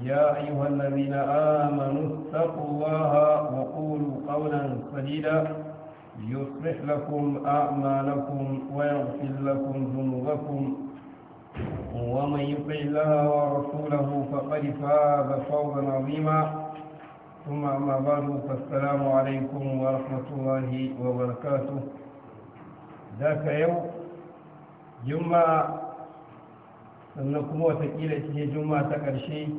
يا أيها الذين آمنوا اتقوا الله وقولوا قولا سديدا يصلح لكم أعمالكم ويغفر لكم ذنوبكم ومن يطع الله ورسوله فقد فاز فوزا عظيما ثم أما بعد فالسلام عليكم ورحمة الله وبركاته ذاك يوم جمعة sannan kuma watakila ita ce juma'a ta ƙarshe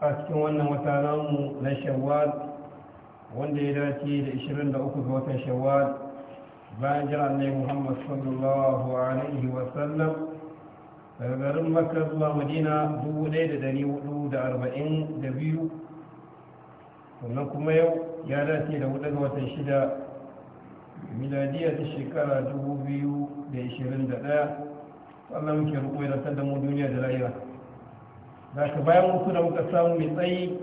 a cikin wannan wata namu na shawwal wanda ya dace da 23 ga watan shawwal bayan jira ne muhammad sallallahu alaihi wa sallam daga garin makka zuwa madina 1442 sannan kuma yau ya dace da 4 ga watan shida miladiyar ta shekara 2021 sannan muke rukwai da ta damu duniya da rayuwa da ka bayan wasu da muka samu mai tsayi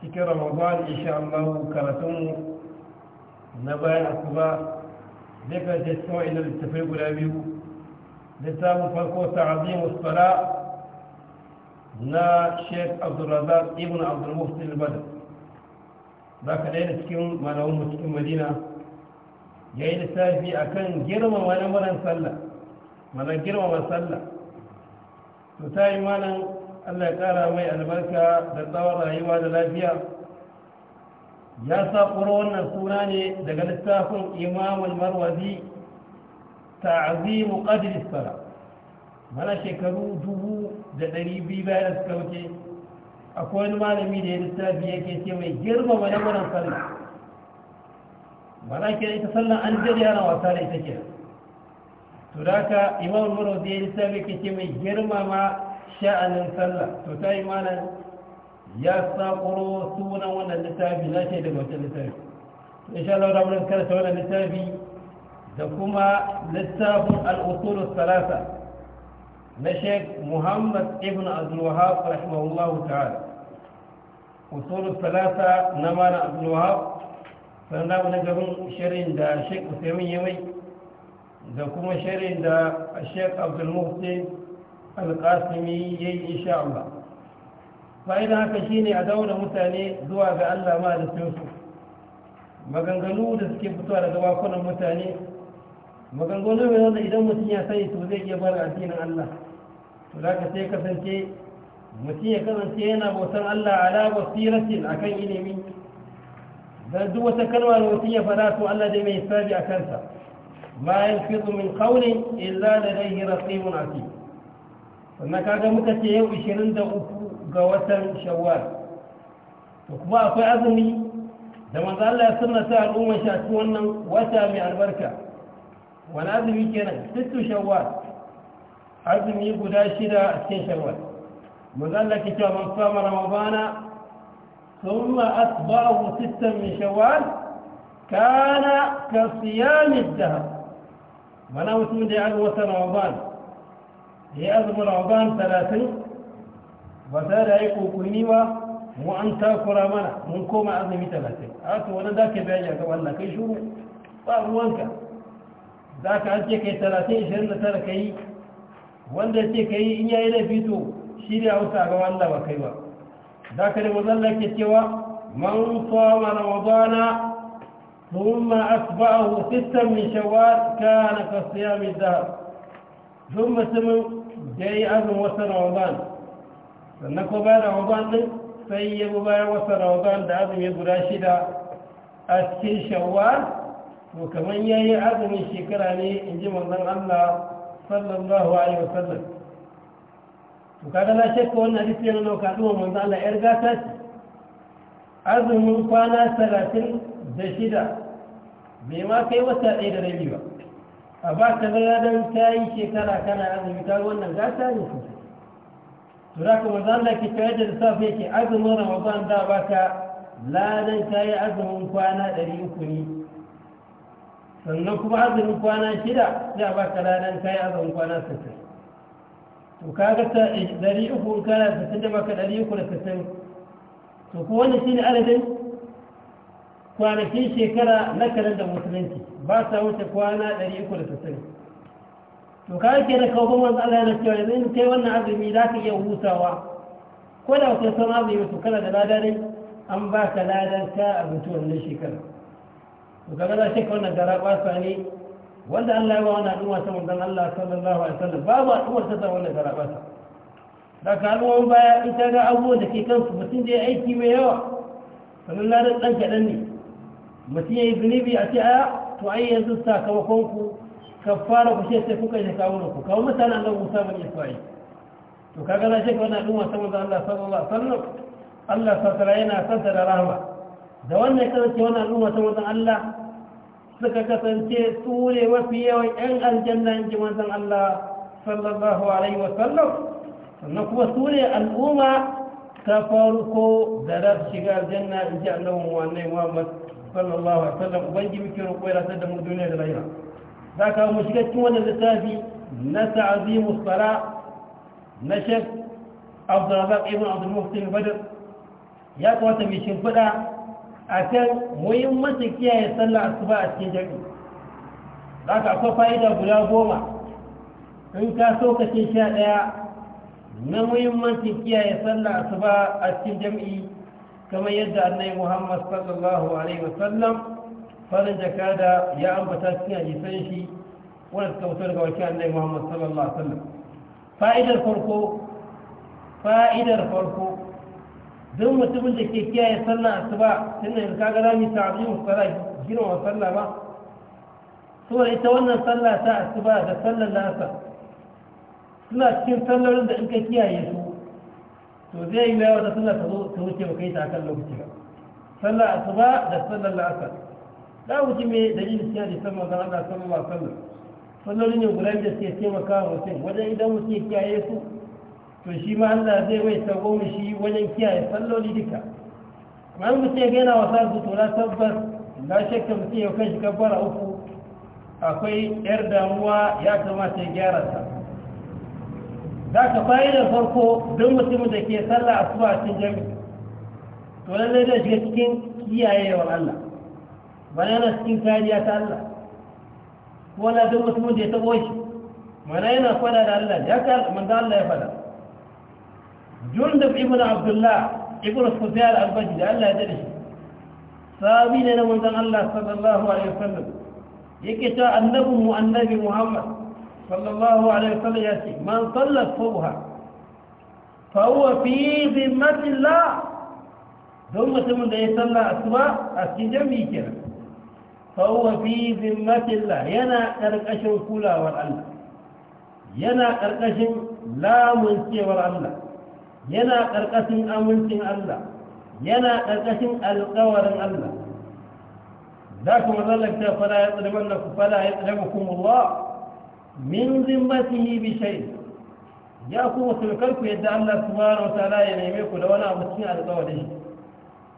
cikin ramadan isha Allah karatunmu na bayan asuba zai karshe cikin wa'ina littafai guda biyu littafin farko ta azi musfara na sheikh abdulrazak ibn abdulmufti al da. za ka daina cikin cikin mu cikin madina ya yi littafi a kan girmama lamarin sallah mana girmama sallah to ta yi manan allah ya kara mai albarka da tsawon rayuwa da lafiya ya saƙuro wannan suna ne daga littafin imamul marwazi ta'azimu qadri sala mana shekaru dubu da ɗari biyu bayan da suka wuce akwai wani malami da ya littafi yake ce mai girmama mai wannan sallah mana ke ita sallah an jari ana wasa da ita kenan to da ka imam muro da ya lissafi ke kake mai girmama sha'anin sallah to ta yi mana ya sakuro sunan wannan littafi na ce da wata littafi to insha Allah da mun karanta wannan littafi da kuma littafin al-usul salasa na Sheikh Muhammad Ibn Abdul Wahhab rahimahullahu ta'ala usul salasa na mana Abdul Wahhab sannan mun gaban shirin da Sheikh Usaimin mai. da kuma shirin da sheik abdulmuhsin alkasimi ya yi insha Allah fa'ida haka shine a daura mutane zuwa ga Allah ma da su maganganu da suke fitowa daga bakunan mutane maganganu mai wanda idan mutum ya sani to zai iya bar addinin Allah to za ka sai kasance mutum ya kasance yana bautan Allah ala basiratin akan ilimi da duk wata kalma da mutum ya fada to Allah dai mai hisabi a kansa ma yalfizu min qawlin illa ladayhi raqibun atid sannan kaga muka ce yau 23 ga watan shawwal to kuma akwai azumi da manzo Allah ya sunnata al'umma a wannan wata mai albarka wani azumi kenan sittu shawwal azumi guda shida a cikin shawwal manzo Allah ke cewa man sama ثم أتبعه ستا من شوال كان كصيام الدهر mana mutum da ya azu wata ramadan da ya azumin ramadan talatin ba ta da ya yi kokuni ba mu an takura mana mun koma azumi talatin a to wani za ka bayani ga wallah kai shuru ba ruwanka za ka an ake kai talatin ishirin da tara ka yi wanda ce ka yi in yayi laifi to shi da hausa ga wallah ba kai ba za ka da mazalla ke cewa man sama ramadana ثم أتبعه ستا من شوال كان كصيام الدهر ثم سمن جاي أذن وسن رمضان فنكو بعد رمضان سيب بعد وسن رمضان دا يقول شدا أسكن شوال وكمن يأي أذن شكراني إن جمع الله صلى الله عليه وسلم وكذا لا شك أن حديث ينلو كأدوه من ذلك إرقاتك azumin kwana ثلاثين da shida bai ma kai wata ɗaya da rabi ba a ba ta zara don ta yi shekara kana azumi ta wannan gata ne sosai to da kuma zan da ke tare da safe yake azumin ramadan da ba ka ladan ta yi azumin kwana ɗari uku ne sannan kuma azumin kwana shida sai a ba ka ladan ta yi azumin kwana sosai to ga ta eh, ɗari uku kana sassan da maka ɗari uku da sassan to ko wani shi ne adadin kwanakin shekara na kalandar musulunci ba sa wuce kwana 360 to kawai ke da kawo ban Allah na cewa yanzu in kai wannan azumi za ka iya hutawa ko da wata son azumi to kana da lada ne an ba ka ladar ka a mutu wannan shekara to kaga za shi ka wannan gara kwasa ne wanda Allah ya ba wannan al'umma ta mutan Allah sallallahu alaihi wasallam babu al'ummar ta zama wannan gara kwasa da ka al'umma baya ita ga abubuwan da ke kansu mutum da ya aiki mai yawa sannan ladar ɗan kaɗan ne mutum ya yi zunubi a ce a to ai yanzu sakamakon ku ka fara ku shi sai kuka yi kawo na ku kawo mutane Allah Musa bani Isra'i to kaga na shi wannan al'umma saboda Allah sallallahu alaihi wasallam Allah sallallahu yana santa da rahama da wannan kasance wannan al'umma saboda Allah suka kasance su ne mafi yawan yan aljanna in ji manzon Allah sallallahu alaihi wasallam sannan kuma su ne al'umma ta farko da za su shiga aljanna in ji Allah wannan Muhammad sallallahu alaihi wasallam ubangiji muke roƙo ya rasar da mu duniya da lahira za ka mu shiga cikin wannan littafi na ta'azimu sala na shek abdurrazak ibn abdul muhsin badr ya kamata mai shimfiɗa a kan muhimmancin kiyaye sallah asuba a cikin jami'i za ka akwai fa'ida guda goma in ka so ka ce sha ɗaya na muhimmancin kiyaye sallah asuba a cikin jam'i kamar yadda annai muhammad sallallahu alaihi wasallam farin jaka da ya ambata cikin hadisan shi wanda suka wuce daga wakil annai muhammad sallallahu alaihi wasallam fa'idar farko fa'idar farko don mutumin da ke kiyaye sallah asuba tun da yanzu kaga rami ta azumin sallah girma sallah ba saboda ita wannan sallah ta asuba da sallar lasa suna cikin sallarin da in ka kiyaye su to zai yi mai wata sallah ta zo ta wuce ba kai ta akan lokaci ba sallah asuba da sallar la'asar da wuce mai dalilin siya da sallar da Allah sallar ba sallar sallar ne guda da suke taimaka wa mutum wajen idan mutum ya kiyaye su to shi ma Allah zai mai tsago mu shi wajen kiyaye salloli duka kamar mutum ya gaina wasa su to na tabbas na shakka mutum ya kai shi gabbara uku akwai yar damuwa ya kamata ya gyara ta za ka fa'idar farko don mutumin da ke sallah a suwa cikin jami'i to lallai da shiga cikin kiyayewar Allah bana yana cikin kariya ta Allah ko na don mutumin da ya taɓo shi mana yana fada da Allah ya ka manzo Allah ya fada jundub ibn abdullah ibn sufyan al-bajri da Allah ya dade shi sabi ne na manzon Allah sallallahu alaihi wasallam yake ta annabi mu annabi Muhammad sallallahu alaihi wasallam ya ce man sallar subha fa huwa fi zimmatillah don mutumin da ya sallah asuba a cikin jami'i kenan fa huwa fi zimmatillah yana karkashin kulawar Allah yana karkashin lamun cewar Allah yana karkashin amincin Allah yana karkashin alƙawarin Allah ذاكم ذلك فلا يطلبنكم فلا يطلبكم الله min zimmatihi bi shay ya kuma musulkar ku yadda Allah subhanahu wataala ya neme ku da wani abu cikin alƙawarin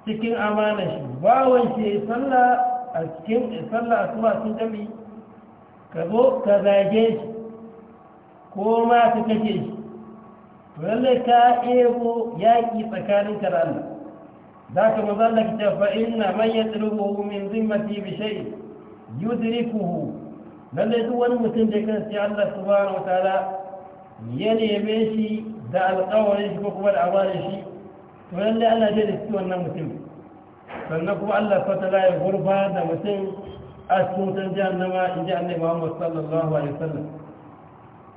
shi cikin amanar shi bawon shi sallah a cikin sallah asuba cikin ka zo ka zage shi ko ma ka kashe shi to ka ebo yaƙi tsakanin ka da Allah za ka mazallaka ta fa'in na man ya tsirubu min zimmati bi shay yudrikuhu lallai duk wani mutum da kan sai Allah subhanahu wataala ya neme shi da alƙawarin shi ko kuma da amanar shi to lallai ana je da shi wannan mutum sannan kuma Allah subhanahu ya gurba da mutum a cikin jahannama in ji annabi Muhammad sallallahu alaihi wasallam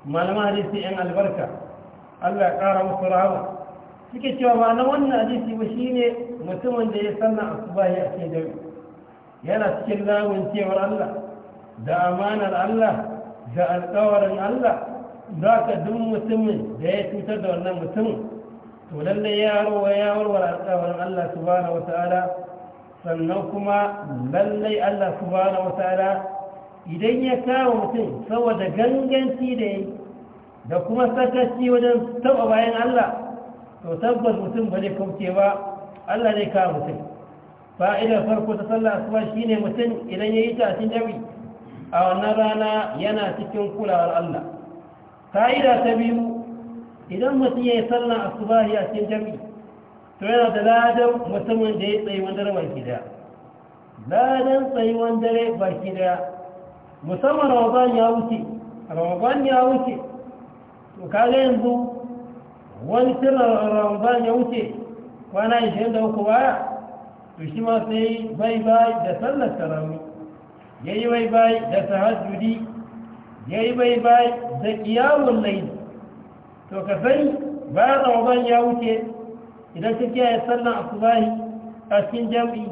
malama hadisi yan albarka Allah ya ƙara musu rahama suke cewa ba na wannan hadisi ba shine mutumin da ya sanna asubahi a cikin dare yana cikin lamun cewar Allah da amanar Allah da alkawarin Allah za ka duk mutumin da ya cutar da wannan mutum to lalle ya rowa ya warwar alkawarin Allah subhanahu ta'ala sannan kuma lallai Allah subhanahu ta'ala idan ya kawo mutum saboda ganganci da yi da kuma sakaci wajen taɓa bayan Allah to tabbas mutum ba zai kauce ba Allah zai kawo mutum fa'idar farko ta sallah asuba shine mutum idan ya yi ta a cikin a wannan rana yana cikin kulawar Allah ka'ida ta biyu idan mutum ya yi sallan asubahi a cikin jami'i to yana da ladan mutumin da ya tsayi wanda rawar gida ladan tsayi dare baki daya musamman ramadan ya wuce ramadan ya wuce to kaga yanzu wani sirrin ramadan ya wuce kwana 23 baya to shi ma sai bai bai da sallar tarawih ya yi bai da tahajjudi ya yi bai da kiyamun laili to ka sani bayan ramadan ya wuce idan ka kiyaye sallan asubahi a cikin jam'i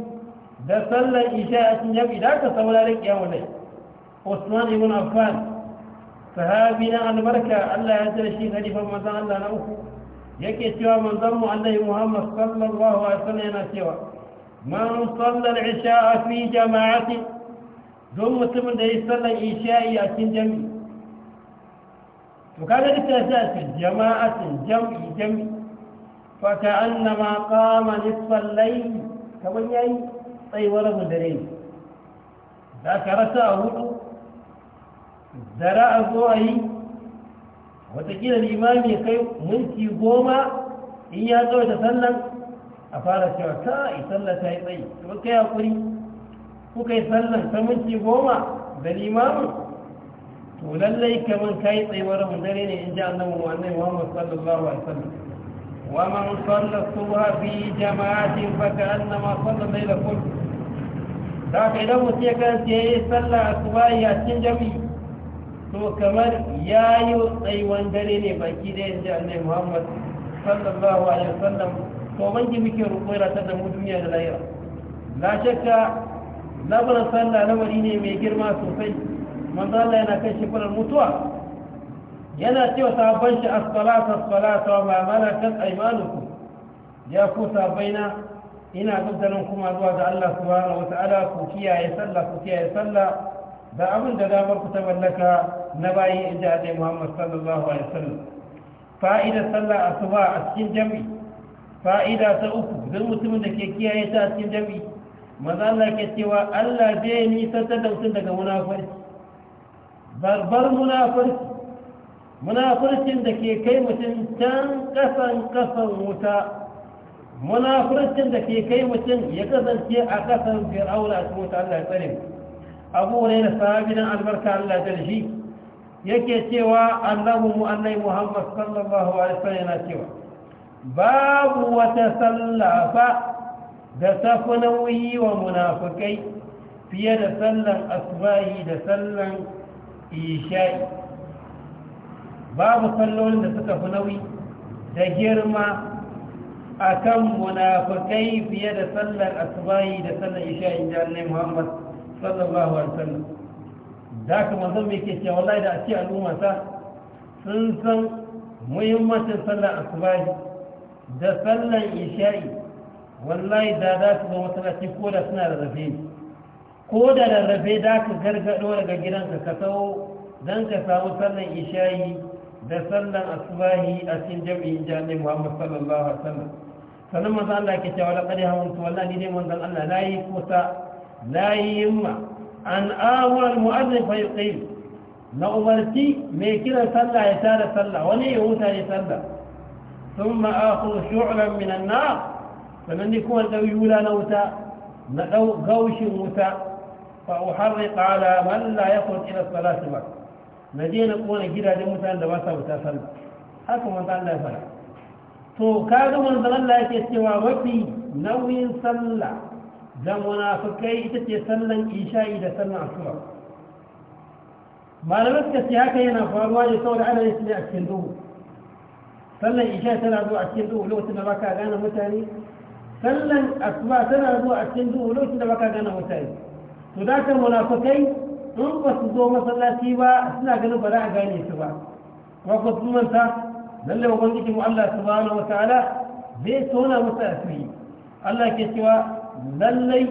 da sallan isha a cikin jam'i da aka saurari kiyamun laili usman ibn affan sahabi na albarka Allah ya tare shi halifan mazan Allah na uku yake cewa manzon mu Allah Muhammad sallallahu alaihi wasallam yana cewa man salla al-isha fi jama'atin don mutumin da ya sallar isha'i a cikin jami'i to kaga duk da sai a jama'atin jami'i jami'i fa ka annama qama nisfal kaman yayi tsayuwar mu dare da ka rasa hudu zara a zo a yi Wataƙila limami ya kai minti goma in ya tsawaita sallan a fara cewa ta yi sallar ta yi tsayi to kai hakuri kuka yi sallar ta minti goma da limamin to lallai kamar ka yi tsayuwar mu dare ne in ji annabi wannan muhammad sallallahu alaihi wasallam wa man salla subha fi jama'atin fa kana ma salla laila kull da ka idan mutum ya kan ya yi sallah ya cin jami to kamar yayi yi dare ne baki da in ji annabi muhammad sallallahu alaihi wasallam to banki muke rubuta ratar da mu duniya da lahira la shakka labarin sallah lamari ne mai girma sosai manzo Allah yana kai shi mutuwa yana cewa sabon shi as-salatu as-salatu wa ma malakat aymanukum ya ku na. ina gudanar kuma zuwa ga Allah subhanahu wa ta'ala ku kiyaye sallah ku kiyaye sallah da abin da damar ku ta mallaka na bayi in inda Annabi Muhammad sallallahu alaihi wasallam fa'ida sallah asuba a cikin jami'i fa'ida ta uku duk mutumin da ke kiyaye ta a cikin jami'i maza Allah ke cewa Allah zai nisantar da mutum daga munafurci barbar munafurci munafurcin da ke kai mutum can kasan kasan wuta munafurcin da ke kai mutum ya kasance a kasan fir'auna a cikin wuta Allah ya tsare abu ne da sahabinan albarka Allah da shi yake cewa annabi mu annai Muhammad sallallahu alaihi wasallam yana cewa babu wata sallafa da safunan wuyi wa munafukai fiye da sallan asubahi da sallan isha'i babu sallolin da suka fi nauyi da girma a kan munafukai fiye da sallar asubahi da sallan sallar in jami'ai muhammad sallallahu alaihi wasallam da aka manzon mai ke cewa wallahi da a ce al'ummata sun san muhimmancin sallar asubahi da sallan isha'i wallahi da za su zo masallaci ko da suna rarrafe ko da rarrafe da ka gargado daga gidanka ka sau don ka samu sallan ishayi da sallan asubahi a cikin jami'in jami'in muhammad sallallahu alaihi wasallam sannan manzo Allah ke cewa laqad hamuntu wallahi ni dai manzon Allah na yi kusa na yi yimma an awar mu'adhdhin fa yuqim na umarci mai kira sallah ya tara sallah wani ya huta ya sallah thumma akhudhu shu'lan min minan nar sannan ni kuma ɗau yula na wuta na ɗau gaushin wuta fa uharriqa ala man la yakun ila salati ba na je na gidajen mutanen da ba sa wuta sallah haka manzo Allah ya fara to kaga manzo Allah yake cewa mafi nauyin sallah da munafikai ita ce sallan isha'i da sallan asuba malamai suka ce haka yana faruwa ne saboda ana yin ne a cikin duhu sallan tana zuwa a cikin duhu lokacin da baka gane mutane sallan asuba tana zuwa a cikin duhu lokacin da baka gana wata yi to da ka munafikai in ba su zo masallaci ba suna ganin ba za a gane su ba wa ku sun manta lalle wa gwamnati mu Allah subhanahu wataala zai tona musu asiri Allah ke cewa lallai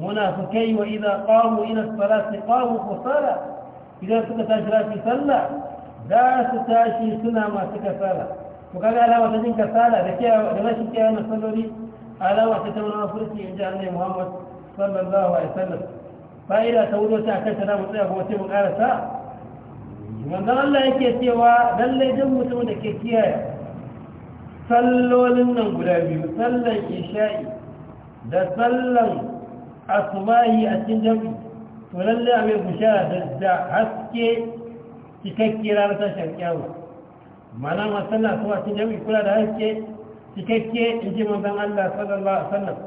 munafikai wa idza qamu ila salati qamu idan suka tashi rafi sallah za su tashi suna masu kasala to kaga alama ta jin kasala da ke da rashin kiyaye masalloli alama ta tauna mafurci in ji annai muhammad sallallahu alaihi wasallam fa'ida ta wudo ta kanta na mutsaya kuma sai mu karasa manzon Allah yake cewa lallai duk mutum da ke kiyaye sallolin nan guda biyu sallan isha'i da sallan asubahi a cikin jami'i to lallai a mai bushara da haske cikakkiyar ranar tashar kyawu mana masu sallan asubahi a cikin jami'i kula da haske cikakke in ji manzan Allah sallallahu Alaihi wasallam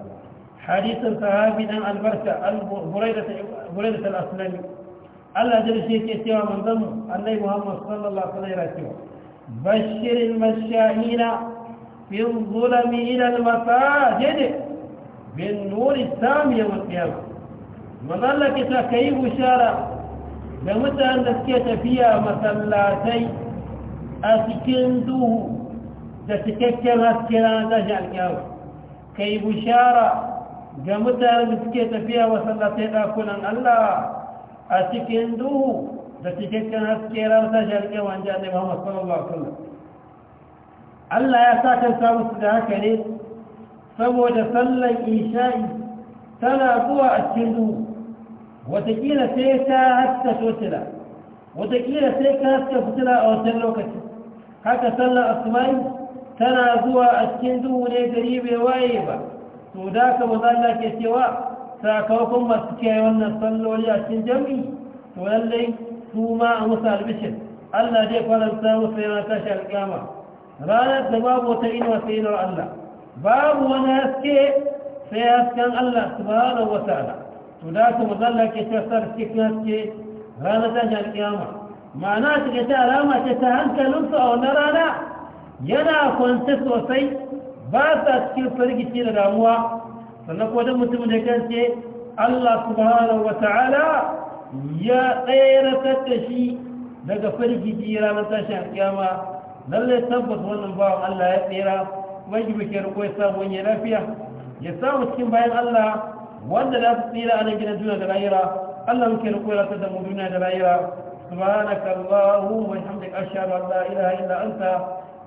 hadisun sahabi dan albarka al-buraida al-aslami Allah jira shi ke cewa manzan Allah Muhammad sallallahu Alaihi wasallam cewa bashirin mashahina bin zulami ila al-masajid bin nuri samiya wa qiyama manzan Allah ke ta kai bushara da mutanen da suke tafiya masallatai a cikin duhu da cikakken haske ranar tashi alkiyama ka yi bushara ga mutane da suke tafiya masallatai ɗakunan allah a cikin duhu da cikakken haske ranar tashi alkiyama an ji annai muhammad sallallahu alaihi wasallam allah ya sa kan samu su da haka ne saboda sallan isha'i tana zuwa a cikin duhu watakila sai ta haska totila watakila sai ka haska fitila a wancan lokaci haka sallan asma'i tana zuwa a cikin duhu ne gari bai waye ba to da ka maza Allah ke cewa sakamakon masu kiyaye wannan salloli a cikin jam'i. to lallai su ma a musu albishin Allah zai faranta musu yana tashi alƙama ranar da babu wata inuwa sai inuwar Allah babu wani haske sai hasken Allah su subhanahu wa ta'ala to da ka maza Allah ke cewa sar cikin haske ranar tashi alƙama ma'ana ta ke ta alama ce ta hankalinsu a wannan rana yana kwance sosai ba sa cikin firgici da damuwa sannan ko don mutum da kance Allah subhanahu wa ta'ala ya tsayaratar da shi daga firgici ranar tashin kyama lallai tabbas wannan bawan Allah ya tsera kuma bikin riko ya samu wani lafiya ya samu cikin bayan Allah wanda za su tsira a nan gidan duniya da lahira Allah muke riko ya ratar da mu duniya da lahira subhanaka allahumma wa bihamdika ashhadu an la ilaha illa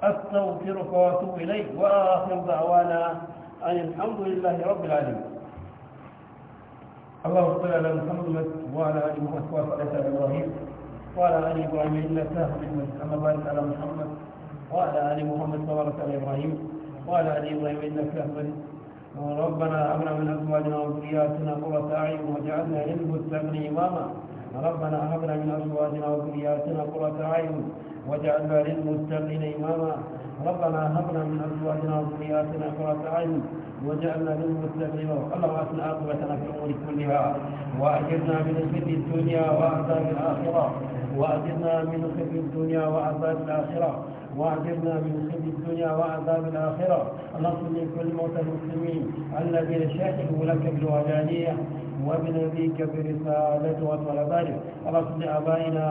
أستغفرك وأتوب إليك وآخر دعوانا أن الحمد لله رب العالمين اللهم صل على محمد وعلى آل محمد وعلى آل إبراهيم وعلى آل إبراهيم إنك حميد مجيد أما بارك على محمد وعلى آل محمد وبارك على إبراهيم وعلى آل إبراهيم إنك حميد ربنا أمنا من أزواجنا وذرياتنا قرة أعين واجعلنا للمتقين إماما ربنا هب لنا من أزواجنا وذرياتنا قرة أعين واجعلنا للمتقين إماما ربنا هب لنا من أزواجنا وذرياتنا قرة أعين وجعلنا للمتقين اللهم أسن عاقبتنا في الأمور كلها وأجرنا من خزي الدنيا وعذاب الآخرة وأجرنا من خزي الدنيا وعذاب الآخرة وأعجبنا من خزي الدنيا وعذاب الآخرة اللهم صل لكل موتى المسلمين الذين شهدوا لك بالوجانية وبنبيك برسالته وطلباته اللهم أبائنا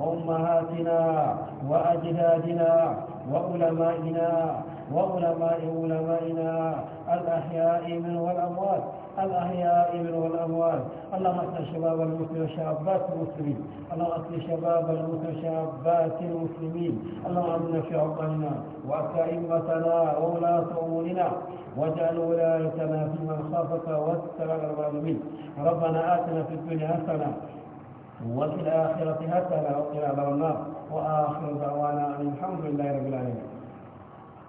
وامهاتنا واجدادنا وعلمائنا وعلماء علمائنا الأحياء من والأموات الأحياء من والأموات اللهم اصلح شباب المسلمين وشابات المسلمين اللهم اصلح شباب المسلمين وشابات المسلمين اللهم امنا في اوطاننا وأئمتنا وولاة أمورنا واجعل ولايتنا في من خافك واتبع الظالمين ربنا آتنا في الدنيا حسنة وفي الآخرة حسنة وقنا عذاب النار وآخر دعوانا أن الحمد لله رب العالمين